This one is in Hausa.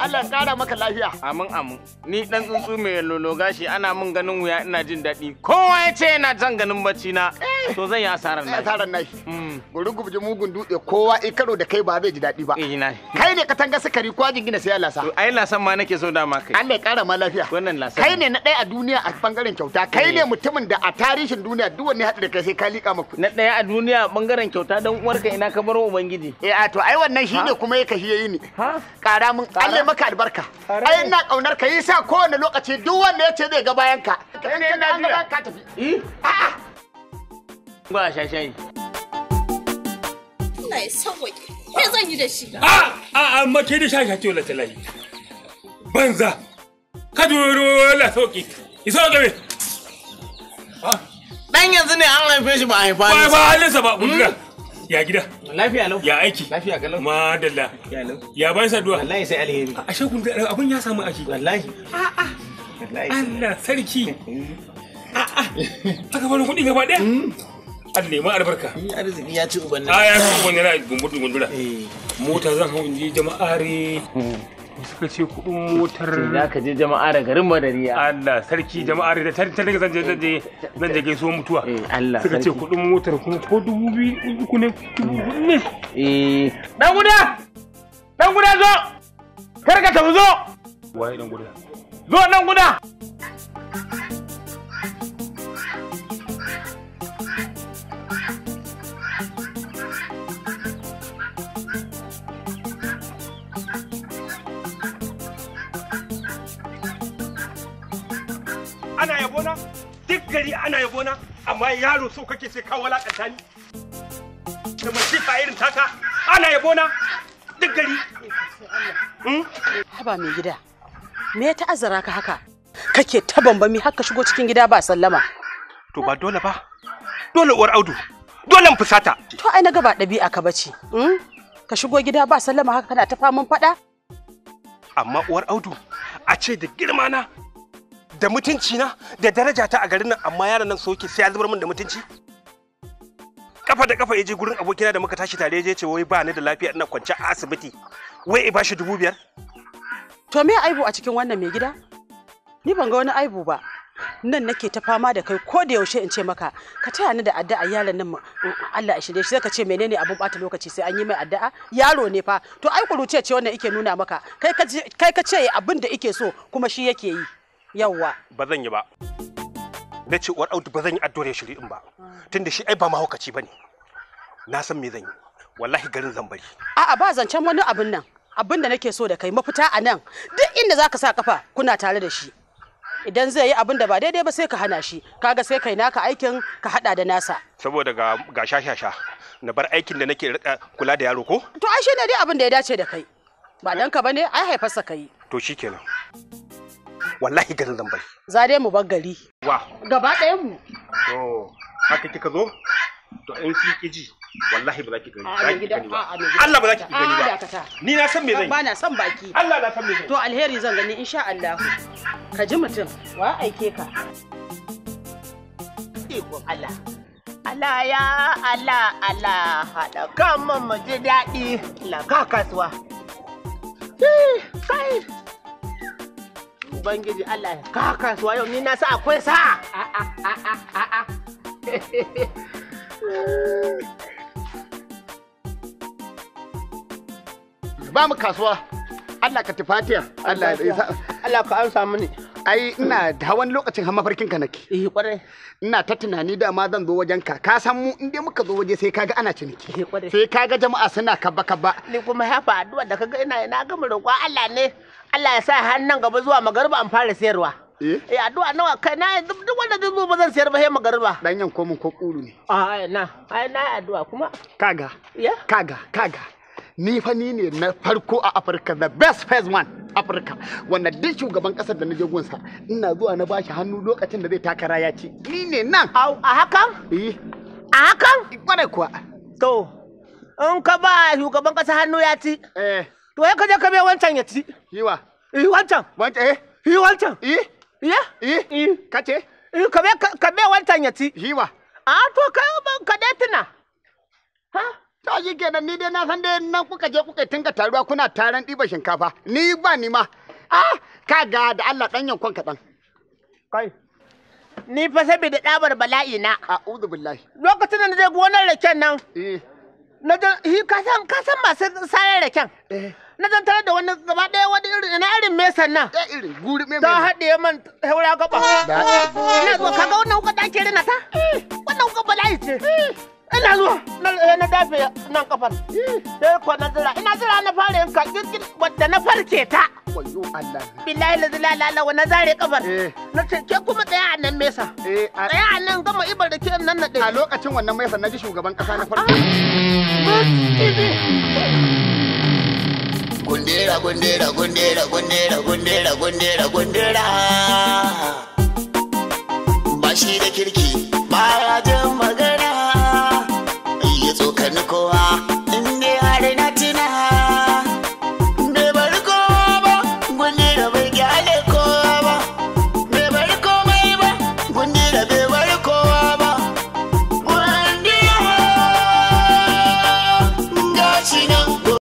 Allah kara maka lafiya. Amin amin. Ni dan tsuntsu mai lolo gashi ana min ganin wuya ina jin daɗi. Kowa ya ce yana jan ganin bacci na. Eh. To zan yi asarar nashi. Eh, asarar nashi. Guri hmm. gubje mugun dutse kowa i karo da kai ba zai ji daɗi ba. Eh na. Kai ne ka tanga sukari ko gina sai lasa. Ai lasan ma nake so dama kai. Allah kara ma lafiya. Wannan lasan. Kai ne na ɗaya a duniya a bangaren kyauta. Eh. Kai ne mutumin da a tarihin duniya duk wani haɗu da kai sai ka liƙa maka. Na ɗaya a duniya bangaren kyauta dan uwarka ina ka baro ubangiji. Eh a to ai wannan shine kuma yake shi yayi ni. Ha? Kara mun Allah Allah ya maka albarka ai ina kaunar ka yasa kowane lokaci duk wanda yace zai ga bayan ka kai ne ina jira ka tafi a'a ba shashai Allah ya sauke me zan yi da shi a a amma ke da shashai ce wala talahi banza ka duro wala sauki iso ga me dan yanzu ne an haife shi ba haifa ba ba halinsa ba mun hmm? Ya gida. Lafiya lau. Ya aiki. Lafiya ka lau. Madalla. Ya lau. Ya bayan saduwa. Wallahi sai alheri. Ashe kun ga abun ya samu aiki. Wallahi. A'a. Wallahi. Allah sarki. A'a. Aka bani kuɗi gaba ɗaya. Hmm. an nemi albarka. Ni arziki ya ci uban nan. A ah, ya ci uban yana gumbur gumbura. Eh. Mota zan hau inji je jama'are. Hmm. suka ce kudin motar za ka je jama'a da garin madariya Allah sarki jama'a da ta ta zan zanje zan je zan je mutuwa eh, Allah suka ce kudin motar kuma ko dubu biyu uku ne dubu ne eh dan guda dan guda zo kar ka tafi zo waye dan guda zo dan guda ana yabo na duk gari ana yabo na amma yaro so kake sai ka walakanta ni da masifa irin taka ana yabo na duk gari hmm? haba mai gida me ya ta'azzara ka haka kake ta bambami har ka shigo cikin gida ba sallama to ba dole ba dole uwar audu dole in fusata to ai na gaba ɗabi'a ka bace hmm? ka shigo gida ba sallama haka kana ta faman faɗa amma uwar audu a ce da girma na da mutunci na da daraja ta a garin nan amma yaran nan soke sai ya zubar min da mutunci kafa da kafa yaje gurin abokina da muka tashi tare yaje ce wai ba ni da lafiya ina kwance a asibiti wai ba shi dubu biyar to me aibu a cikin wannan mai gida ni ban ga wani aibu ba nan nake ta fama da kai ko da yaushe in ce maka ka taya ni da addu'a yaron nan Allah ya shirye shi zaka ce menene abun bata lokaci sai an yi mai addu'a yaro ne fa to ai kuruce ce wannan yake nuna maka kai ka ce abin da yake so kuma shi yake yi yawa ba zan yi ba na ce uwar audu ba zan yi addu'ar shiri in ba tunda shi ai ba mahaukaci bane na san me zan yi wallahi garin zan bari a'a ba zancen wani abin nan abin da nake so da kai mafita a nan duk inda zaka sa kafa kuna tare da shi idan zai yi abin da ba daidai ba sai ka hana shi kaga sai kai naka aikin ka hada da nasa saboda ga ga shashasha na bar aikin da nake kula da yaro ko to ai shine dai abin da ya dace da kai ba danka bane ai haifarsa kai to shikenan wallahi garin zan bari za dai mu bar gari wa gaba ɗayan mu to haka kika zo to in ki ki ji wallahi ba za ki gani ba ki gani ba Allah ba za ki gani ba ni na san me zan yi ba na san baki Allah na san me zan to alheri zan gani insha Allah ka ji mutum wa aike ka Allah Allah ya Allah Allah haɗa kan mu ji daɗi laka kasuwa kai ubangiji Allah ya ka kasuwa yau ni na sa akwai sa ba mu kasuwa Allah ka tufatiya Allah Allah ka amsa mini ai ina da wani lokacin har mafarkin ka nake eh kwarai ina ta tunani da ma zan zo wajen ka ka san mu inda muka zo waje sai kaga ana ciniki eh, sai kaga jama'a suna kabba kabba ni kuma hafa addu'a da kaga ina ina ga mu Allah ne Allah ya sa hannun nan gaba zuwa magariba an fara sayarwa eh, eh addu'a nawa kai na duk wanda zai zo ba zan sayar ba sai magarba dan yan komun ko kulu ne a na ai na addu'a kuma kaga kaga kaga ni fa ni ne na farko a Afirka the best phase one Afirka wanda duk shugaban kasar da na je gunsa ina zuwa na bashi hannu lokacin da zai taka raya ci ni ne nan a hakan eh a hakan kwarai kuwa to in ka ba shugaban kasa hannu ya ci eh To ya kaje ka bai wancan ya ci. Yiwa. Eh wancan. Wancan eh. eh yi wancan. Eh. Ya? Eh. Ka ce? Eh ka bai ka bai wancan ya ci. Yiwa. A to kai ka dai tuna. Ha? Ta yi kenan ni dai na san dai nan kuka je kuka tinka taruwa kuna taron ɗiba shinkafa. Ni ba ni ma. Ah, ka ga da Allah dan yankon kaɗan. Kai, ni fa da ɗabar bala'i na. A'udhu billahi. Lokacin da na je gonar raken nan. Eh. Na je, ka san masu sarar raken. Eh. na zan tare da wani gaba ɗaya wani irin ina irin mesan sannan ta haɗe man haura gaba ina zuwa kaga wannan hukar da ake rina ta wannan hukar bala'i ce ina zuwa na dafe nan kafar sai ko na zira ina zira na fara yin kakkin wadda na farke ta billahi la zila la la na zare kafar na ce ke kuma tsaya a nan mesa tsaya a nan gama ibar da ke nan na ɗaya a lokacin wannan mesa na ji shugaban ƙasa na farko gundera gundera gundera gundera gundera gundera gundera ba shi da kirki baya jin magana ya tsokani kowa in dai har na tina bai bari kowa ba gundera bai gyale